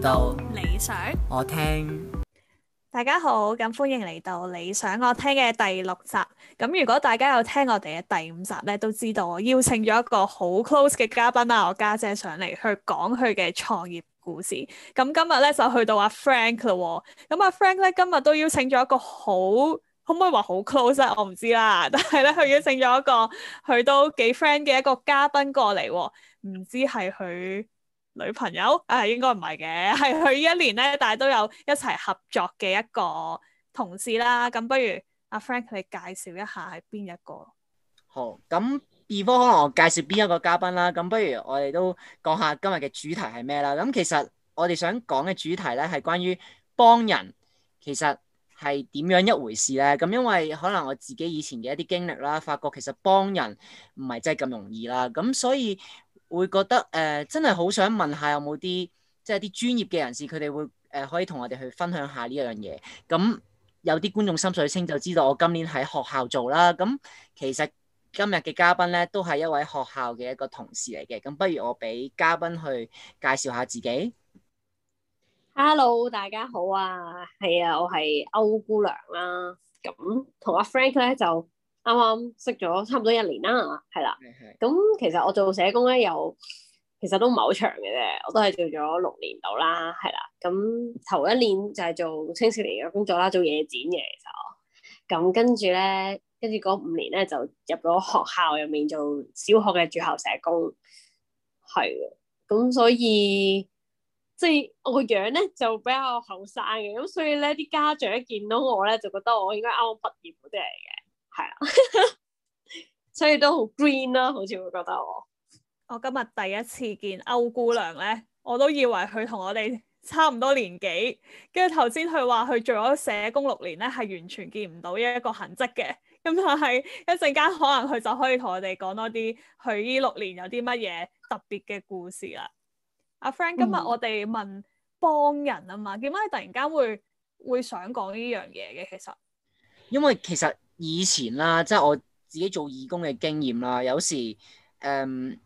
到理想，我聽。大家好，咁歡迎嚟到理想我聽嘅第六集。咁如果大家有聽我哋嘅第五集咧，都知道我邀請咗一個好 close 嘅嘉賓啦，我家姐上嚟去講佢嘅創業故事。咁今日咧就去到阿 Frank 啦。咁阿 Frank 咧今日都邀請咗一個好，可唔可以話好 close？我唔知啦，但係咧佢邀請咗一個佢都幾 friend 嘅一個嘉賓過嚟，唔知係佢。女朋友係、哎、應該唔係嘅，係去一年咧，但係都有一齊合作嘅一個同事啦。咁不如阿 Frank 你介紹一下係邊一個？好，咁二哥可能我介紹邊一個嘉賓啦。咁不如我哋都講下今日嘅主題係咩啦？咁其實我哋想講嘅主題咧係關於幫人，其實係點樣一回事咧？咁因為可能我自己以前嘅一啲經歷啦，發覺其實幫人唔係真係咁容易啦。咁所以會覺得誒、呃、真係好想問下有冇啲即係啲專業嘅人士，佢哋會誒可以同我哋去分享下呢樣嘢。咁有啲觀眾心水清就知道我今年喺學校做啦。咁其實今日嘅嘉賓咧都係一位學校嘅一個同事嚟嘅。咁不如我俾嘉賓去介紹下自己。Hello，大家好啊，係啊，我係歐姑娘啦、啊。咁同阿 Frank 咧就。啱啱識咗差唔多一年啦，係啦。咁 其實我做社工咧，又其實都唔係好長嘅啫，我都係做咗六年度啦，係啦。咁頭一年就係做青少年嘅工作啦，做嘢展嘅其實我。咁跟住咧，跟住嗰五年咧就入咗學校入面做小學嘅駐校社工，係。咁所以即係、就是、我個樣咧就比較後生嘅，咁所以咧啲家長一見到我咧就覺得我應該啱啱畢業嗰啲嚟嘅。係啊， 所以都好 green 啦、啊，好似會覺得我我今日第一次見歐姑娘咧，我都以為佢同我哋差唔多年紀，跟住頭先佢話佢做咗社工六年咧，係完全見唔到呢一個痕跡嘅，咁但係一陣間可能佢就可以同我哋講多啲佢呢六年有啲乜嘢特別嘅故事啦。阿 friend、嗯啊、今日我哋問幫人啊嘛，點解你突然間會會想講呢樣嘢嘅？其實因為其實。以前啦，即係我自己做義工嘅經驗啦，有時誒、嗯，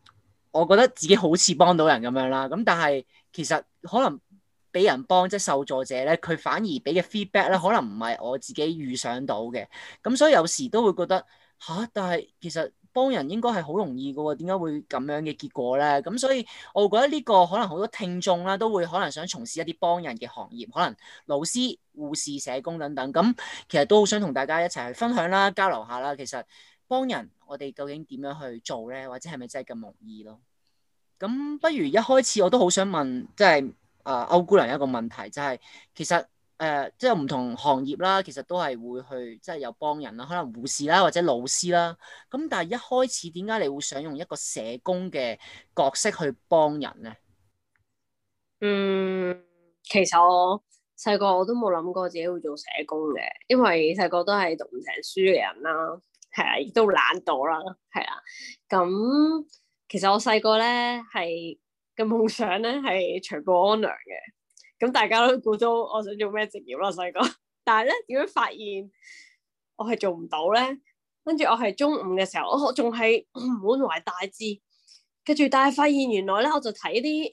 我覺得自己好似幫到人咁樣啦，咁但係其實可能俾人幫，即係受助者咧，佢反而俾嘅 feedback 咧，可能唔係我自己預想到嘅，咁所以有時都會覺得嚇、啊，但係其實。幫人應該係好容易嘅喎，點解會咁樣嘅結果咧？咁所以我覺得呢個可能好多聽眾啦，都會可能想從事一啲幫人嘅行業，可能老師、護士、社工等等。咁其實都好想同大家一齊去分享啦、交流下啦。其實幫人，我哋究竟點樣去做咧？或者係咪真係咁容易咯？咁不如一開始我都好想問，即係啊歐姑娘一個問題，就係、係、其實。誒，uh，即係唔同行業啦，其實都係會去，即係有幫人啦，可能護士啦，或者老師啦。咁但係一開始點解你會想用一個社工嘅角色去幫人咧？嗯，其實我細個我都冇諗過自己會做社工嘅，因為細個都係讀唔成書嘅人啦，係啊，亦都懶惰啦，係啊。咁其實我細個咧係嘅夢想咧係除暴安良嘅。咁大家都估到我想做咩職業咯，細個。但係咧，點樣發現我係做唔到咧？跟住我係中五嘅時候，我仲係滿懷大志。跟、啊、住，但係發現原來咧，我就睇啲誒，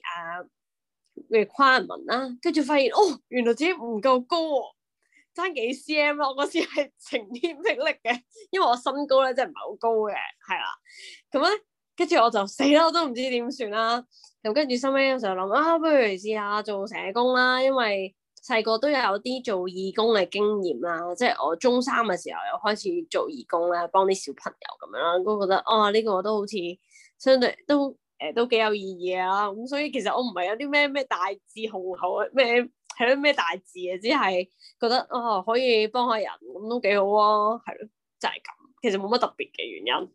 例如 requirement 啦。跟住發現哦，原來自己唔夠高、啊，爭幾 cm。我嗰時係晴天霹靂嘅，因為我身高咧真係唔係好高嘅，係啦。咁咧，跟住我就死啦，我都唔知點算啦。咁跟住收尾嘅時候諗啊，不如試下做社工啦，因為細個都有啲做義工嘅經驗啦，即係我中三嘅時候又開始做義工啦，幫啲小朋友咁樣啦，都覺得啊呢、這個都好似相對都誒、欸、都幾有意義啊，咁所以其實我唔係有啲咩咩大志雄圖啊，咩係咧咩大志啊，只係覺得啊可以幫下人咁都幾好啊，係咯，就係、是、咁，其實冇乜特別嘅原因，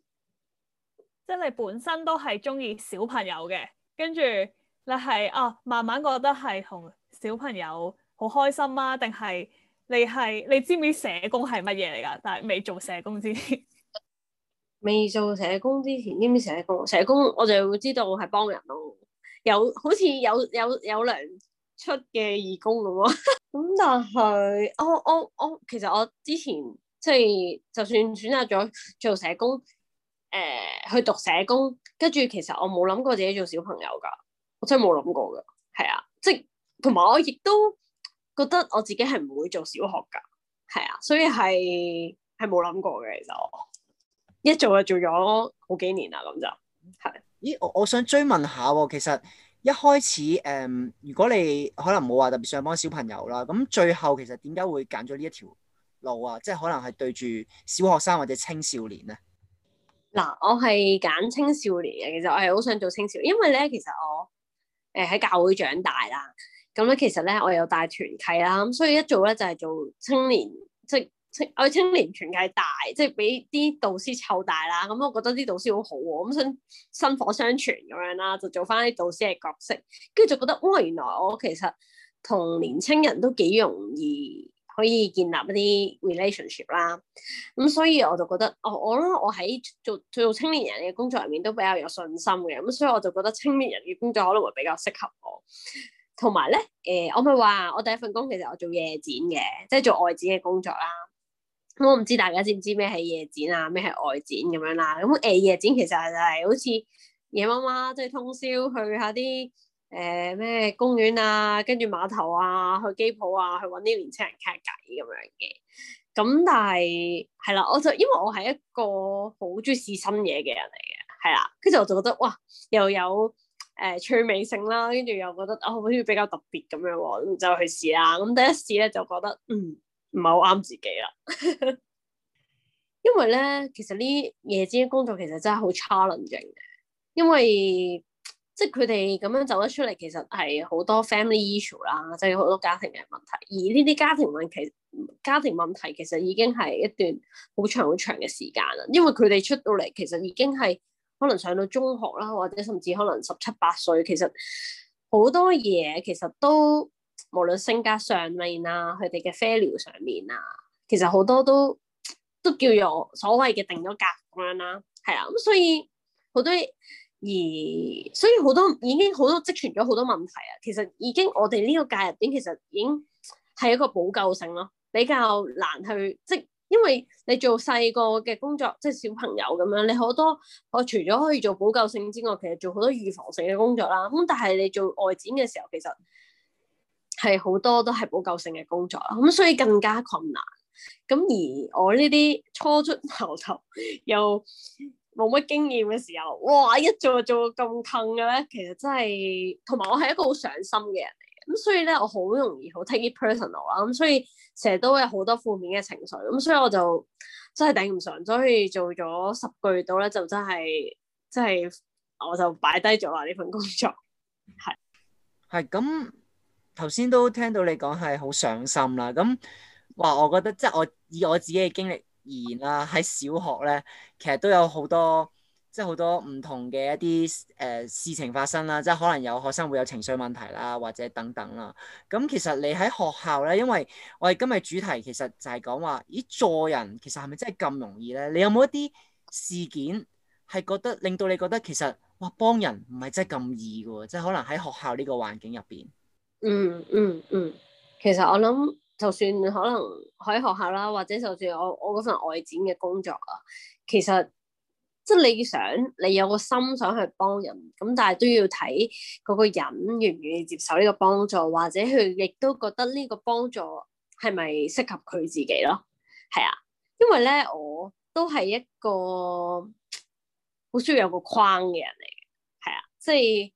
即係你本身都係中意小朋友嘅。跟住你係哦，慢慢覺得係同小朋友好開心啊，定係你係你知唔知社工係乜嘢嚟㗎？但係未做社工之前，未做社工之前，知唔知社工？社工我就會知道係幫人咯，有好似有有有糧出嘅義工咁咯。咁 但係我我我其實我之前即係、就係、就算選擇咗做社工，誒、呃、去讀社工。跟住，其實我冇諗過自己做小朋友噶，我真係冇諗過噶。係啊，即係同埋我亦都覺得我自己係唔會做小學噶。係啊，所以係係冇諗過嘅。其實我一做就做咗好幾年啦，咁就係。咦？我我想追問下，其實一開始誒、嗯，如果你可能冇話特別想幫小朋友啦，咁最後其實點解會揀咗呢一條路啊？即係可能係對住小學生或者青少年咧？嗱，我係揀青少年嘅，其實我係好想做青少年，因為咧，其實我誒喺教會長大啦，咁咧其實咧我有帶團契啦，咁所以一做咧就係做青年，即係青我青年團契大，即係俾啲導師湊大啦，咁我覺得啲導師好好啊，咁想薪火相傳咁樣啦，就做翻啲導師嘅角色，跟住就覺得，哦，原來我其實同年青人都幾容易。可以建立一啲 relationship 啦，咁、嗯、所以我就覺得，我我諗，我喺做做青年人嘅工作入面都比較有信心嘅，咁、嗯、所以我就覺得青年人嘅工作可能會比較適合我。同埋咧，誒、呃，我咪話我第一份工其實我做夜展嘅，即係做外展嘅工作啦。咁我唔知大家知唔知咩係夜展啊？咩係外展咁樣啦、啊。咁、嗯、誒、呃，夜展其實就係好似夜媽媽，即係通宵去下啲。誒咩、呃、公園啊，跟住碼頭啊，去機鋪啊，去搵啲年輕人傾下偈咁樣嘅。咁但係係啦，我就因為我係一個好中意試新嘢嘅人嚟嘅，係啦。跟住我就覺得哇，又有誒、呃、趣味性啦，跟住又覺得哦好似比較特別咁樣喎，就去試啦。咁第一次咧就覺得嗯唔係好啱自己啦， 因為咧其實呢嘢啲工作其實真係好 challenging 嘅，因為。即係佢哋咁樣走得出嚟，其實係好多 family issue 啦，即係好多家庭嘅問題。而呢啲家庭問題，家庭問題其實已經係一段好長好長嘅時間啦。因為佢哋出到嚟，其實已經係可能上到中學啦，或者甚至可能十七八歲，其實好多嘢其實都無論性格上面啊，佢哋嘅 family 上面啊，其實好多都都叫做所謂嘅定咗格局啦。係啊，咁所以好多。而所以好多已經好多積存咗好多問題啊，其實已經我哋呢個介入點其實已經係一個補救性咯，比較難去即因為你做細個嘅工作，即係小朋友咁樣，你好多我除咗可以做補救性之外，其實做好多預防性嘅工作啦。咁但係你做外展嘅時候，其實係好多都係補救性嘅工作啦。咁所以更加困難。咁而我呢啲初出茅頭頭又。冇乜經驗嘅時候，哇！一做就做咁坑嘅咧，其實真係同埋我係一個好上心嘅人嚟嘅，咁所以咧我好容易好 take it personal 啊、嗯，咁所以成日都有好多負面嘅情緒，咁、嗯、所以我就真係頂唔順，所以做咗十個月到咧就真係真係我就擺低咗啦呢份工作，係。係，咁頭先都聽到你講係好上心啦，咁話我覺得即係我以我自己嘅經歷。而啦，喺小學咧，其實都有好多，即係好多唔同嘅一啲誒、呃、事情發生啦，即係可能有學生會有情緒問題啦，或者等等啦。咁其實你喺學校咧，因為我哋今日主題其實就係講話咦助人其實係咪真係咁容易咧？你有冇一啲事件係覺得令到你覺得其實哇幫人唔係真係咁易嘅？即係可能喺學校呢個環境入邊、嗯。嗯嗯嗯，其實我諗。就算可能喺學校啦，或者就算我我嗰份外展嘅工作啊，其實即係、就是、你想你有個心想去幫人，咁但係都要睇嗰個人願唔願意接受呢個幫助，或者佢亦都覺得呢個幫助係咪適合佢自己咯。係啊，因為咧我都係一個好需要有個框嘅人嚟嘅。係啊，即係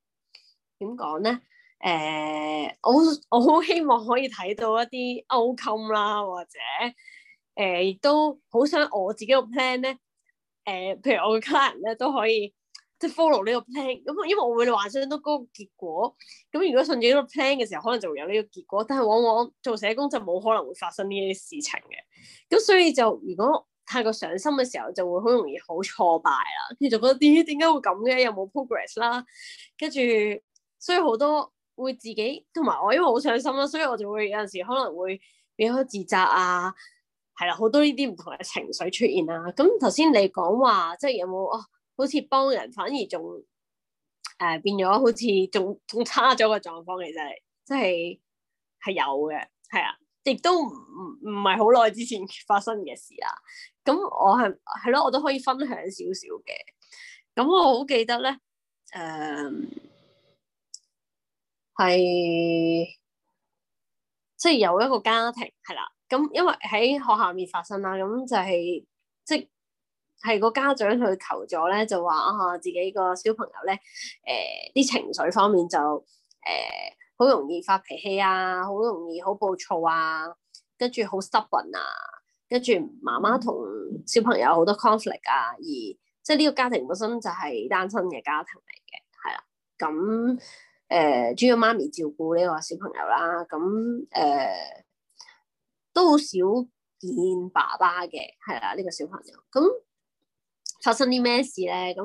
點講咧？誒、uh,，我我好希望可以睇到一啲 outcome 啦，或者誒，亦、uh, 都好想我自己個 plan 咧，誒、uh,，譬如我嘅客人咧都可以即係 follow 呢個 plan 咁，因為我會幻想到嗰個結果，咁如果順住呢個 plan 嘅時候，可能就會有呢個結果，但係往往做社工就冇可能會發生呢啲事情嘅，咁所以就如果太過上心嘅時候，就會好容易好挫敗啦，跟住就覺得啲點解會咁嘅，又有冇 progress 啦，跟住所以好多。會自己同埋我，因為好傷心啦，所以我就會有陣時可能會比較自責啊，係啦，好多呢啲唔同嘅情緒出現啊。咁頭先你講話，即係有冇哦？好似幫人反而仲誒、呃、變咗，好似仲仲差咗嘅狀況，其實係即係係有嘅，係啊，亦都唔唔係好耐之前發生嘅事啊。咁我係係咯，我都可以分享少少嘅。咁我好記得咧，誒、嗯。係，即係、就是、有一個家庭係啦，咁因為喺學校面發生啦，咁就係即係個家長去求助咧，就話啊，自己個小朋友咧，誒、呃，啲情緒方面就誒好、呃、容易發脾氣啊，好容易好暴躁啊，跟住好失魂啊，媽媽跟住媽媽同小朋友好多 conflict 啊，而即係呢個家庭本身就係單身嘅家庭嚟嘅，係啦，咁。誒、呃、主要媽咪照顧呢個小朋友啦，咁、嗯、誒、呃、都少見爸爸嘅，係啦，呢個小朋友咁發生啲咩事咧？咁、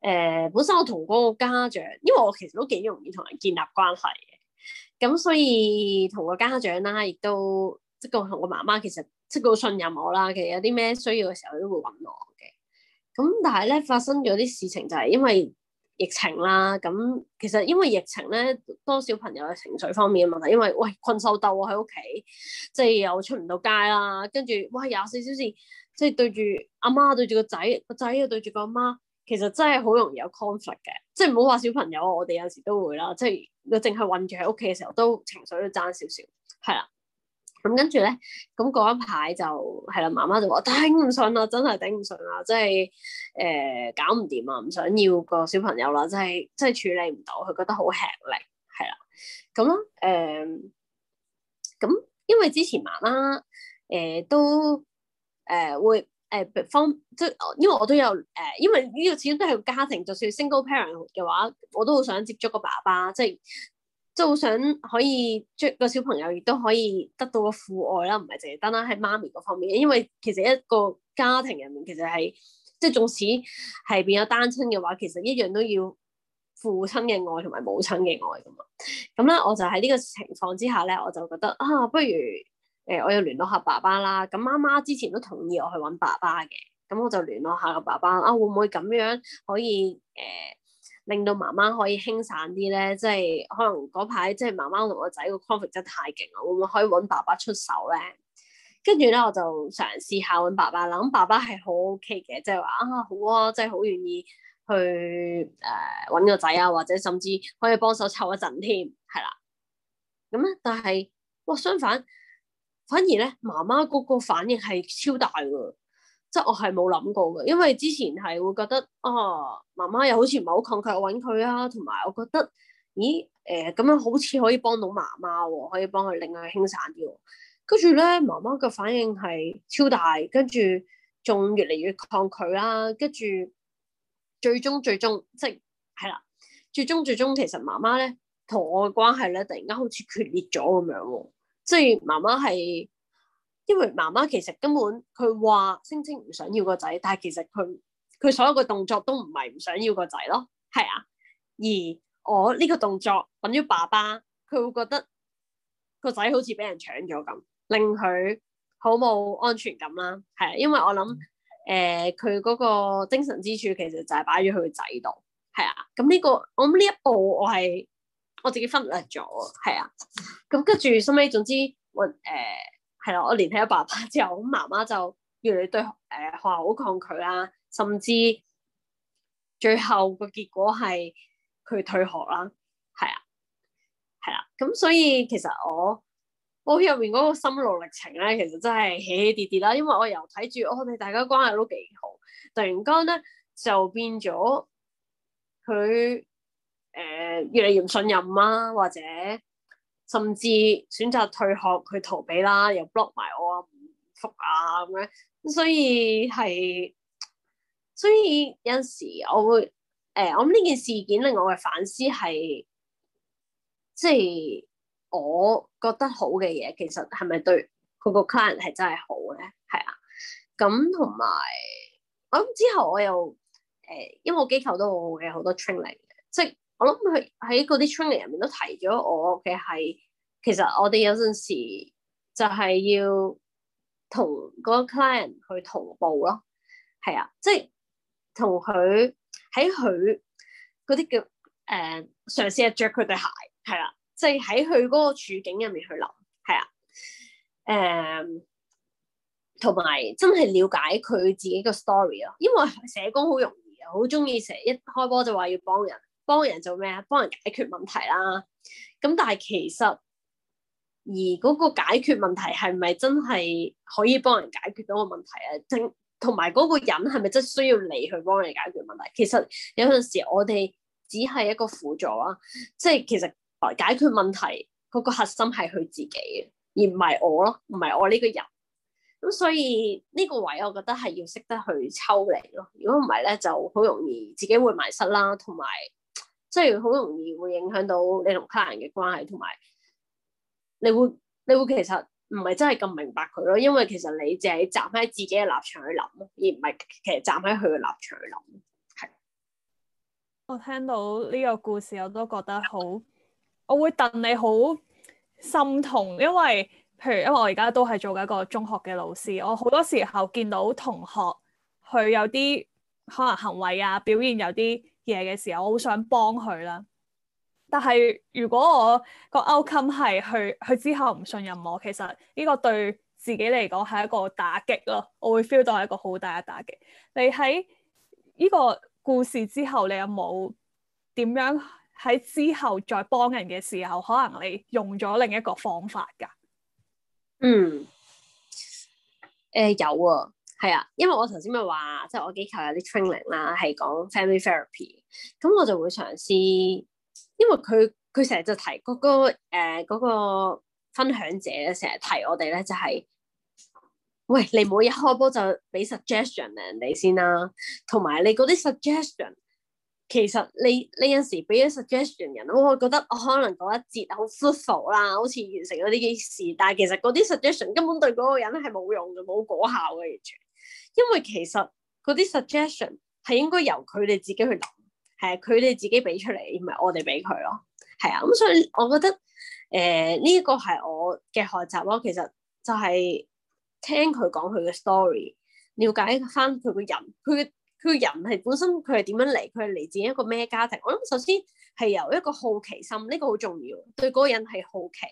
嗯、誒、呃、本身我同嗰個家長，因為我其實都幾容易同人建立關係嘅，咁、嗯、所以同個家長啦、啊，亦都即係同我媽媽其實即係信任我啦。其實有啲咩需要嘅時候都會揾我嘅。咁、嗯、但係咧發生咗啲事情就係因為。疫情啦，咁其實因為疫情咧，多小朋友嘅情緒方面嘅問題，因為喂，困獸鬥喺屋企，即係又出唔到街啦，跟住哇廿四小時，即係對住阿媽對住個仔，個仔又對住個阿媽，其實真係好容易有 conflict 嘅，即係唔好話小朋友，我哋有時都會啦，即係我淨係困住喺屋企嘅時候，都情緒都爭少少，係啦。咁跟住咧，咁嗰一排就係啦，媽媽、啊、就話頂唔順啦，真係頂唔順啦，即係誒搞唔掂啊，唔想要個小朋友啦，真係即係處理唔到，佢覺得好吃力，係啦、啊，咁誒咁，因為之前媽媽誒都誒、呃、會誒方、呃，即係因為我都有誒、呃，因為呢個始終都係個家庭，就算 single parent 嘅話，我都好想接觸個爸爸，即係。都好想可以即、個小朋友亦都可以得到個父愛啦，唔係淨係單單喺媽咪嗰方面。因為其實一個家庭入面其實係即，縱使係變咗單親嘅話，其實一樣都要父親嘅愛同埋母親嘅愛噶嘛。咁咧，我就喺呢個情況之下咧，我就覺得啊，不如誒、呃，我要聯絡下爸爸啦。咁媽媽之前都同意我去揾爸爸嘅，咁我就聯絡下個爸爸啊，會唔會咁樣可以誒、呃令到媽媽可以輕散啲咧，即、就、係、是、可能嗰排即係媽媽同個仔個 conflict 真係太勁啦，會唔會可以揾爸爸出手咧？跟住咧我就嘗試下揾爸爸，咁爸爸係好 OK 嘅，即係話啊好啊，真係好願意去誒揾、呃、個仔啊，或者甚至可以幫手湊一陣添，係啦。咁咧，但係哇相反，反而咧媽媽嗰個反應係超大嘅。即係我係冇諗過嘅，因為之前係會覺得，哦、啊，媽媽又好似唔係好抗拒揾佢啊，同埋我覺得，咦，誒、呃，咁樣好似可以幫到媽媽、啊，可以幫佢令佢輕散啲、啊。跟住咧，媽媽嘅反應係超大，跟住仲越嚟越抗拒啦、啊，跟住最終最終即係係啦，最終最終其實媽媽咧同我嘅關係咧，突然間好似決裂咗咁樣、啊，即係媽媽係。因為媽媽其實根本佢話聲稱唔想要個仔，但係其實佢佢所有嘅動作都唔係唔想要個仔咯，係啊。而我呢個動作搵咗爸爸，佢會覺得個仔好似俾人搶咗咁，令佢好冇安全感啦。係啊，因為我諗誒，佢、呃、嗰個精神支柱其實就係擺咗佢個仔度，係啊。咁呢、這個我諗呢一步我係我自己忽略咗，係啊。咁跟住收尾，總之我誒。呃係咯，我聯繫咗爸爸之後，咁媽媽就越嚟對誒學、呃、學校好抗拒啦，甚至最後個結果係佢退學啦。係啊，係啦，咁所以其實我屋企入面嗰個心路歷程咧，其實真係起起跌跌啦。因為我由睇住我哋大家關係都幾好，突然間咧就變咗佢誒越嚟越唔信任啊，或者。甚至選擇退學去逃避啦，又 block 埋我唔復啊咁樣，所以係所以有時我會誒、欸，我諗呢件事件令我嘅反思係，即係我覺得好嘅嘢，其實係咪對佢個 client 係真係好咧？係啊，咁同埋我諗之後我又誒、欸，因為我機構都好嘅，好多 training 嚟嘅，即係。我諗佢喺嗰啲 training 入面都提咗我嘅係，其實我哋有陣時就係要同個 client 去同步咯，係啊，即係同佢喺佢嗰啲叫誒，嘗試去著佢對鞋，係啊，即係喺佢嗰個處境入面去諗，係啊，誒、呃，同埋真係了解佢自己個 story 咯，因為社工好容易啊，好中意成日一開波就話要幫人。幫人做咩啊？幫人解決問題啦。咁但係其實而嗰個解決問題係咪真係可以幫人解決到個問題啊？正同埋嗰個人係咪真係需要你去幫佢解決問題？其實有陣時我哋只係一個輔助啦，即係其實解決問題嗰個核心係佢自己嘅，而唔係我咯，唔係我呢個人。咁所以呢個位我覺得係要識得去抽離咯。如果唔係咧，就好容易自己會迷失啦，同埋。即係好容易會影響到你同客人嘅關係，同埋你會你會其實唔係真係咁明白佢咯，因為其實你只係站喺自己嘅立場去諗咯，而唔係其實站喺佢嘅立場去諗。係。我聽到呢個故事，我都覺得好，我會戥你好心痛，因為譬如因為我而家都係做緊一個中學嘅老師，我好多時候見到同學佢有啲可能行為啊，表現有啲。嘢嘅時候，我好想幫佢啦。但係如果我個 outcome 係去佢之後唔信任我，其實呢個對自己嚟講係一個打擊咯。我會 feel 到係一個好大嘅打擊。你喺呢個故事之後，你有冇點樣喺之後再幫人嘅時候，可能你用咗另一個方法㗎？嗯，誒、呃、有啊。係啊，因為我頭先咪話，即係我機構有啲 training 啦，係講 family therapy。咁我就會嘗試，因為佢佢成日就提嗰個誒嗰個分享者成日提我哋咧，就係喂，你唔好一開波就俾 suggestion 人哋先啦，同埋你嗰啲 suggestion 其實你，你有陣時俾咗 suggestion 人，我覺得我可能嗰一節好 fulfil 啦，好似完成咗呢件事，但係其實嗰啲 suggestion 根本對嗰個人係冇用嘅，冇果效嘅完全。因為其實嗰啲 suggestion 係應該由佢哋自己去諗，係佢哋自己俾出嚟，唔係我哋俾佢咯。係啊，咁所以我覺得誒呢一個係我嘅學習咯。其實就係聽佢講佢嘅 story，了解翻佢個人，佢佢人係本身佢係點樣嚟，佢係嚟自一個咩家庭。我諗首先係由一個好奇心，呢個好重要，對嗰個人係好奇，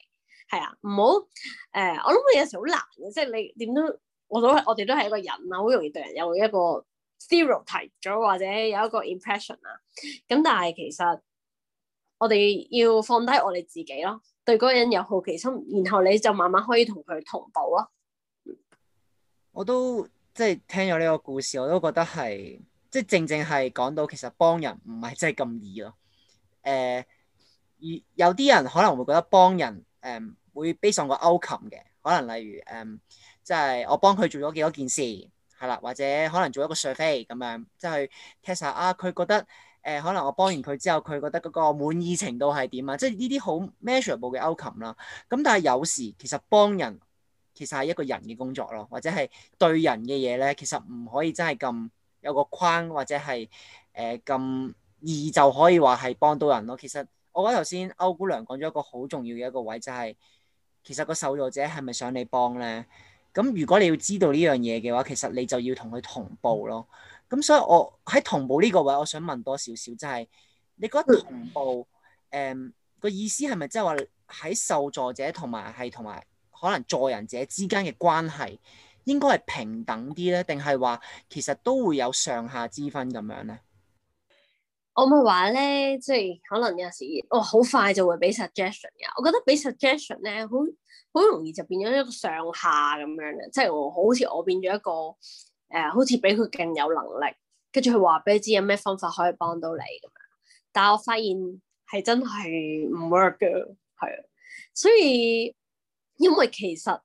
係啊，唔好誒，我諗佢有時好難嘅，即係你點都。我都我哋都係一個人啦，好容易對人有一個 stereotype 咗，或者有一個 impression 啦。咁但係其實我哋要放低我哋自己咯，對嗰個人有好奇心，然後你就慢慢可以同佢同步咯。我都即係聽咗呢個故事，我都覺得係即係正正係講到其實幫人唔係真係咁易咯。誒、呃，有啲人可能會覺得幫人誒、呃、會比上個勾擒嘅。可能例如誒，即、嗯、係、就是、我幫佢做咗幾多件事，係啦，或者可能做一個 survey 咁樣，即係 test 下啊，佢覺得誒、呃，可能我幫完佢之後，佢覺得嗰個滿意程度係點啊？即係呢啲好 measurable 嘅 outcome 啦。咁但係有時其實幫人其實係一個人嘅工作咯，或者係對人嘅嘢咧，其實唔可以真係咁有個框，或者係誒咁易就可以話係幫到人咯。其實我覺得頭先歐姑娘講咗一個好重要嘅一個位就係、是。其實個受助者係咪想你幫咧？咁如果你要知道呢樣嘢嘅話，其實你就要同佢同步咯。咁所以我喺同步呢個位，我想問多少少、就係，就係你覺得同步誒、嗯嗰個意思係咪即係話喺受助者同埋係同埋可能助人者之間嘅關係應該係平等啲咧，定係話其實都會有上下之分咁樣咧？我咪話咧，即係可能有時，我、哦、好快就會俾 suggestion 嘅。我覺得俾 suggestion 咧，好好容易就變咗一個上下咁樣嘅，即係我好似我變咗一個誒、呃，好似俾佢更有能力，跟住佢話俾你知有咩方法可以幫到你咁樣。但係我發現係真係唔 work 嘅，係啊，所以因為其實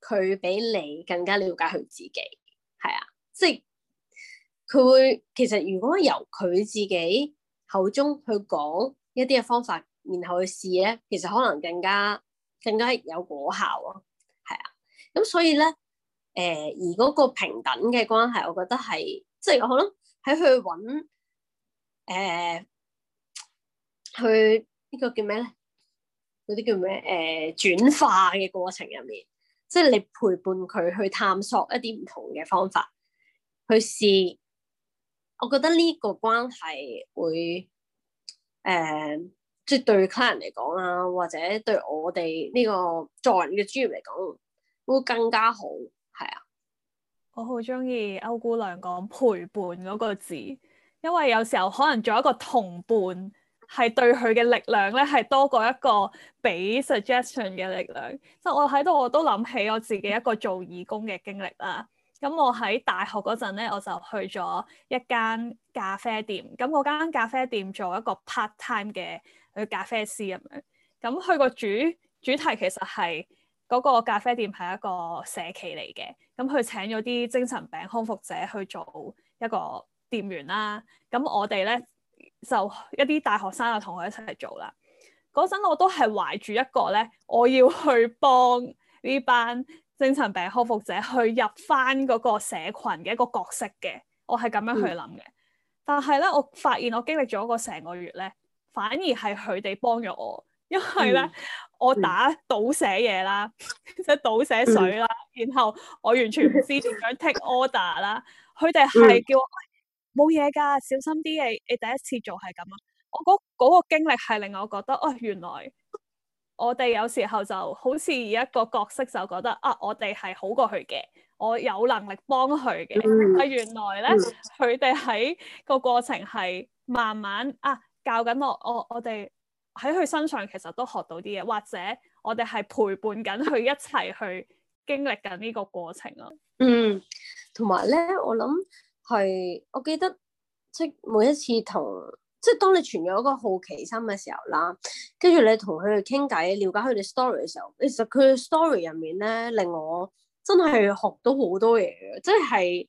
佢比你更加了解佢自己，係啊，即係。佢會其實如果由佢自己口中去講一啲嘅方法，然後去試咧，其實可能更加更加有果效咯，係啊。咁所以咧，誒、呃，而嗰個平等嘅關係，我覺得係即係可能喺去搵，誒、呃，去呢、這個叫咩咧？嗰啲叫咩誒、呃？轉化嘅過程入面，即係你陪伴佢去探索一啲唔同嘅方法去試。我覺得呢個關係會誒，即、呃、係對 client 嚟講啦，或者對我哋呢個助人嘅專業嚟講，會更加好，係啊。我好中意歐姑娘講陪伴嗰個字，因為有時候可能做一個同伴係對佢嘅力量咧，係多過一個俾 suggestion 嘅力量。即係我喺度我都諗起我自己一個做義工嘅經歷啦。咁我喺大學嗰陣咧，我就去咗一間咖啡店，咁嗰間咖啡店做一個 part time 嘅咖啡師咁樣。咁佢個主主題其實係嗰個咖啡店係一個社企嚟嘅，咁佢請咗啲精神病康復者去做一個店員啦。咁我哋咧就一啲大學生啊，同佢一齊做啦。嗰陣我都係懷住一個咧，我要去幫呢班精神病康復者去入翻嗰個社群嘅一個角色嘅，我係咁樣去諗嘅。嗯、但係咧，我發現我經歷咗個成個月咧，反而係佢哋幫咗我，因為咧、嗯、我打倒瀉嘢啦，即係倒瀉水啦，嗯、然後我完全唔知點樣 take order 啦，佢哋係叫我，冇嘢㗎，小心啲，你你第一次做係咁啊，我嗰、那、嗰、個那個經歷係令我覺得，哦、哎，原來。我哋有時候就好似一個角色，就覺得啊，我哋係好過去嘅，我有能力幫佢嘅、嗯嗯。啊，原來咧，佢哋喺個過程係慢慢啊，教緊我，我我哋喺佢身上其實都學到啲嘢，或者我哋係陪伴緊佢一齊去經歷緊呢個過程咯。嗯，同埋咧，我諗係我記得即每一次同。即係當你存有一個好奇心嘅時候啦，跟住你同佢哋傾偈，了解佢哋 story 嘅時候，其實佢嘅 story 入面咧，令我真係學到好多嘢嘅，即係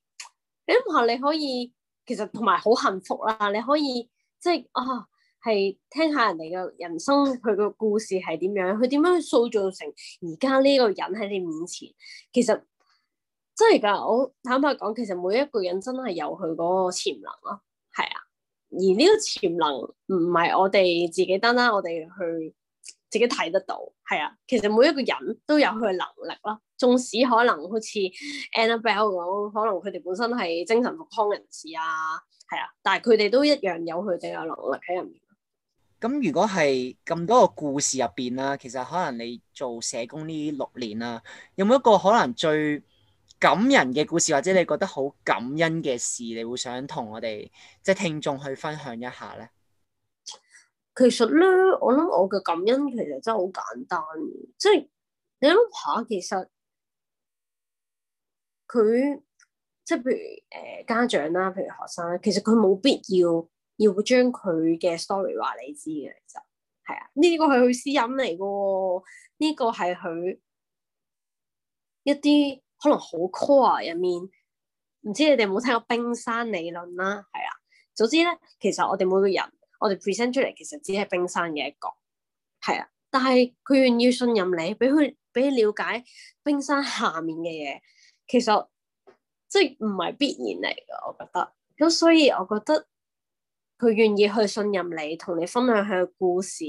你話你可以，其實同埋好幸福啦，你可以即係啊，係聽下人哋嘅人生，佢嘅故事係點樣，佢點樣去塑造成而家呢個人喺你面前，其實真係噶，我坦白講，其實每一個人真係有佢嗰個潛能咯，係啊。而呢個潛能唔係我哋自己單單我哋去自己睇得到，係啊，其實每一個人都有佢嘅能力咯，縱使可能好似 Annabelle 講，可能佢哋本身係精神復康人士啊，係啊，但係佢哋都一樣有佢哋嘅能力喺入面。咁如果係咁多個故事入邊啦，其實可能你做社工呢六年啦，有冇一個可能最感人嘅故事，或者你覺得好感恩嘅事，你會想同我哋即係聽眾去分享一下咧？其實咧，我諗我嘅感恩其實真係好簡單嘅，即係你諗下，其實佢即係譬如誒、呃、家長啦，譬如學生啦，其實佢冇必要要將佢嘅 story 話你知嘅，就係啊呢個係佢私隱嚟嘅，呢、這個係佢一啲。可能好 core 入面，唔知你哋有冇聽過冰山理論啦？係啊，總之咧，其實我哋每個人，我哋 present 出嚟，其實只係冰山嘅一角，係啊。但係佢願意信任你，俾佢俾了解冰山下面嘅嘢，其實即係唔係必然嚟噶。我覺得咁，所以我覺得佢願意去信任你，同你分享佢嘅故事，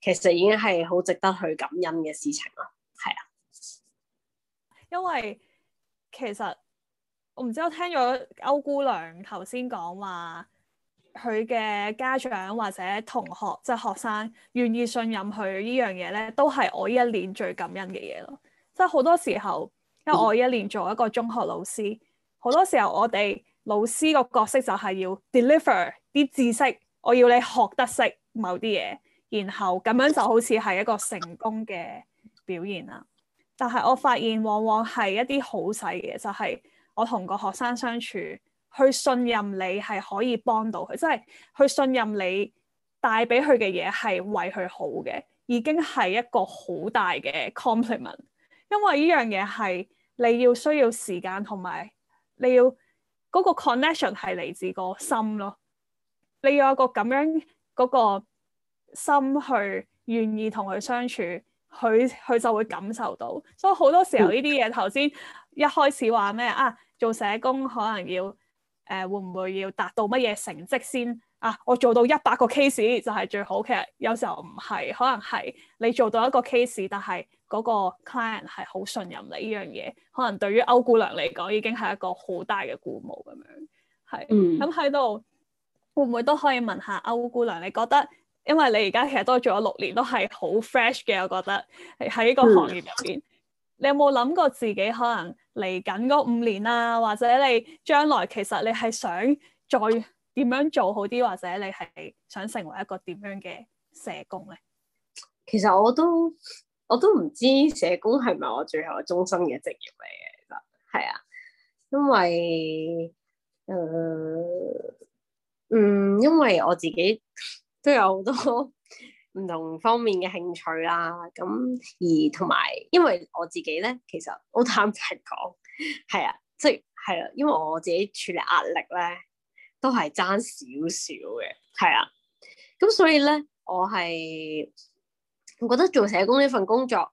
其實已經係好值得去感恩嘅事情咯。係啊。因為其實我唔知，我聽咗歐姑娘頭先講話，佢嘅家長或者同學即係學生願意信任佢呢樣嘢咧，都係我一年最感恩嘅嘢咯。即係好多時候，因為我一年做一個中學老師，好多時候我哋老師個角色就係要 deliver 啲知識，我要你學得識某啲嘢，然後咁樣就好似係一個成功嘅表現啦。但係我發現，往往係一啲好細嘅，就係、係、我同個學生相處，去信任你係可以幫到佢，即、就、係、係、去信任你帶俾佢嘅嘢係為佢好嘅，已經係一個好大嘅 compliment。因為呢樣嘢係你要需要時間同埋你要嗰個 connection 係嚟自個心咯，你要有個咁樣嗰、嗰個心去願意同佢相處。佢佢就會感受到，所以好多時候呢啲嘢，頭先一開始話咩啊？做社工可能要誒、呃，會唔會要達到乜嘢成績先啊？我做到一百個 case 就係、是、最好嘅。其實有時候唔係，可能係你做到一個 case，但係嗰個 client 係好信任你呢樣嘢。可能對於歐姑娘嚟講，已經係一個好大嘅鼓舞咁樣。係，咁喺度會唔會都可以問下歐姑娘，你覺得？因為你而家其實都做咗六年，都係好 fresh 嘅，我覺得喺呢個行業入邊，嗯、你有冇諗過自己可能嚟緊嗰五年啊，或者你將來其實你係想再點樣做好啲，或者你係想成為一個點樣嘅社工咧？其實我都我都唔知社工係咪我最後終身嘅職業嚟嘅，其實係啊，因為誒、呃、嗯，因為我自己。都有好多唔同方面嘅興趣啦，咁而同埋，因為我自己咧，其實好坦白講，係啊，即係係啦，因為我自己處理壓力咧，都係爭少少嘅，係啊，咁所以咧，我係我覺得做社工呢份工作，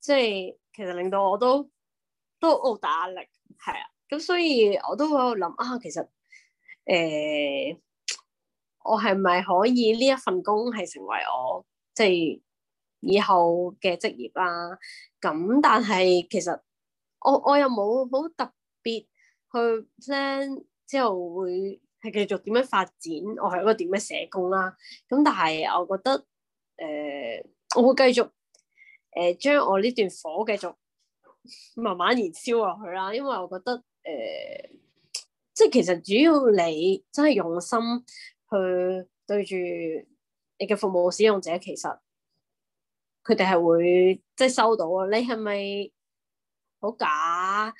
即係、啊、其實令到我都都好大壓力，係啊，咁所以我都喺度諗啊，其實誒。欸我係咪可以呢一份工係成為我即係、就是、以後嘅職業啦、啊？咁但係其實我我又冇好特別去 plan 之後會係繼續點樣發展，我係一個點樣社工啦、啊。咁但係我覺得誒、呃，我會繼續誒將、呃、我呢段火繼續慢慢燃燒落去啦。因為我覺得誒、呃，即係其實主要你真係用心。佢對住你嘅服務使用者，其實佢哋係會即係收到啊！你係咪好假？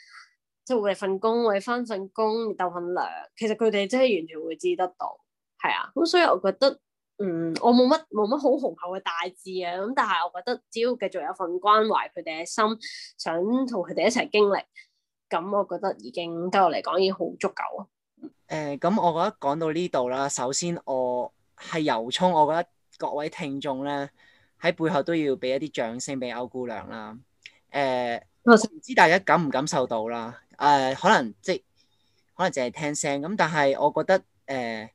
即係為份工，為翻份工鬥份糧，其實佢哋真係完全會知得到，係啊！咁所以我覺得，嗯，我冇乜冇乜好雄厚嘅大志啊！咁但係我覺得，只要繼續有一份關懷佢哋嘅心，想同佢哋一齊經歷，咁我覺得已經對我嚟講已經好足夠啊！誒，咁、呃、我覺得講到呢度啦，首先我係由衷，我覺得各位聽眾咧喺背後都要俾一啲掌聲俾歐姑娘啦。誒、呃，我唔知大家感唔感受到啦？誒、呃，可能即可能淨係聽聲咁，但係我覺得誒，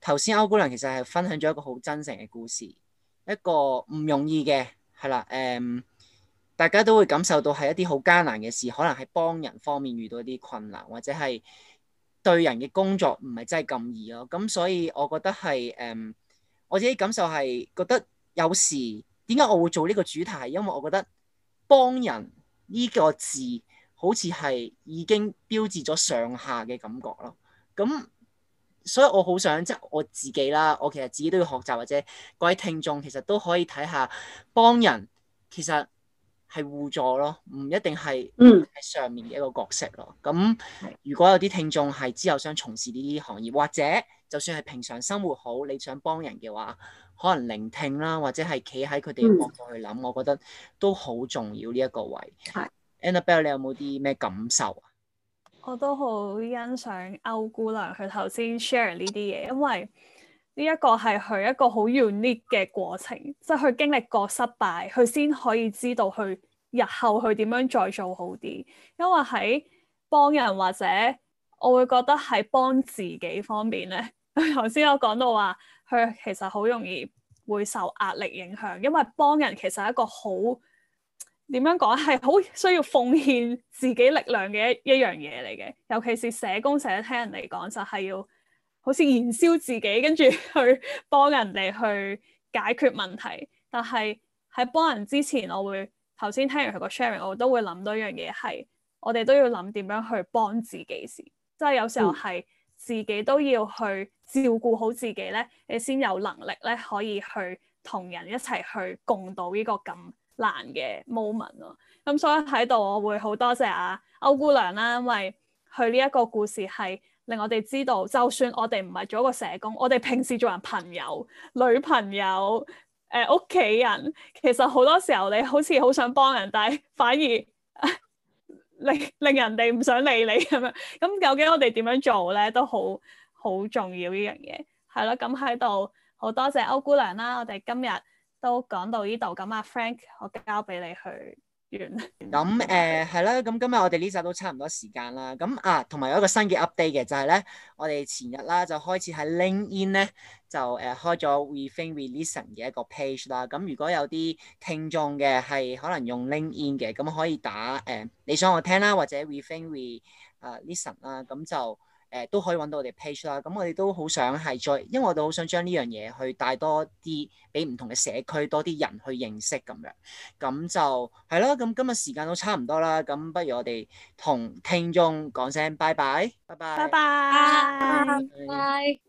頭先歐姑娘其實係分享咗一個好真誠嘅故事，一個唔容易嘅係啦。誒、呃，大家都會感受到係一啲好艱難嘅事，可能喺幫人方面遇到一啲困難，或者係。對人嘅工作唔係真係咁易咯，咁所以我覺得係誒、嗯，我自己感受係覺得有時點解我會做呢個主題，係因為我覺得幫人呢個字好似係已經標誌咗上下嘅感覺咯。咁所以我好想即係、就是、我自己啦，我其實自己都要學習，或者各位聽眾其實都可以睇下幫人其實，係互助咯，唔一定係喺上面嘅一個角色咯。咁如果有啲聽眾係之後想從事呢啲行業，或者就算係平常生活好，你想幫人嘅話，可能聆聽啦，或者係企喺佢哋嘅角度去諗，嗯、我覺得都好重要呢一個位。係 Annabelle，你有冇啲咩感受啊？我都好欣賞歐姑娘佢頭先 share 呢啲嘢，因為。呢一個係佢一個好 unique 嘅過程，即係佢經歷過失敗，佢先可以知道佢日後去點樣再做好啲。因為喺幫人或者我會覺得係幫自己方面咧，頭先我講到話，佢其實好容易會受壓力影響，因為幫人其實係一個好，點樣講，係好需要奉獻自己力量嘅一一樣嘢嚟嘅，尤其是社工成日聽人嚟講就係要。好似燃燒自己，跟住去幫人哋去解決問題。但係喺幫人之前，我會頭先聽完佢個 sharing，我都會諗到一樣嘢，係我哋都要諗點樣去幫自己先。即係有時候係自己都要去照顧好自己咧，你先有能力咧可以去同人一齊去共度呢個咁難嘅 moment 咯。咁所以喺度，我會好多謝阿歐姑娘啦，因為佢呢一個故事係。令我哋知道，就算我哋唔係做一個社工，我哋平時做人朋友、女朋友、誒屋企人，其實好多時候你好似好想幫人，但係反而呵呵令令人哋唔想理你咁樣。咁究竟我哋點樣做咧？都好好重要呢樣嘢。係咯，咁喺度好多謝歐姑娘啦。我哋今日都講到呢度。咁阿 Frank，我交俾你去。咁誒係啦，咁今日我哋呢集都差唔多時間啦。咁啊，同埋有一個新嘅 update 嘅就係、是、咧，我哋前日啦就開始喺 LinkedIn 咧就誒開咗 We Think We Listen 嘅一個 page 啦。咁如果有啲聽眾嘅係可能用 LinkedIn 嘅，咁可以打誒、呃、你想我聽啦，或者 We Think We 誒、uh, Listen 啦、啊，咁就。誒都可以揾到我哋 page 啦，咁我哋都好想係再，因為我哋好想將呢樣嘢去帶多啲俾唔同嘅社區多啲人去認識咁樣，咁就係咯，咁今日時間都差唔多啦，咁不如我哋同聽眾講聲拜拜，拜拜，拜拜，拜拜。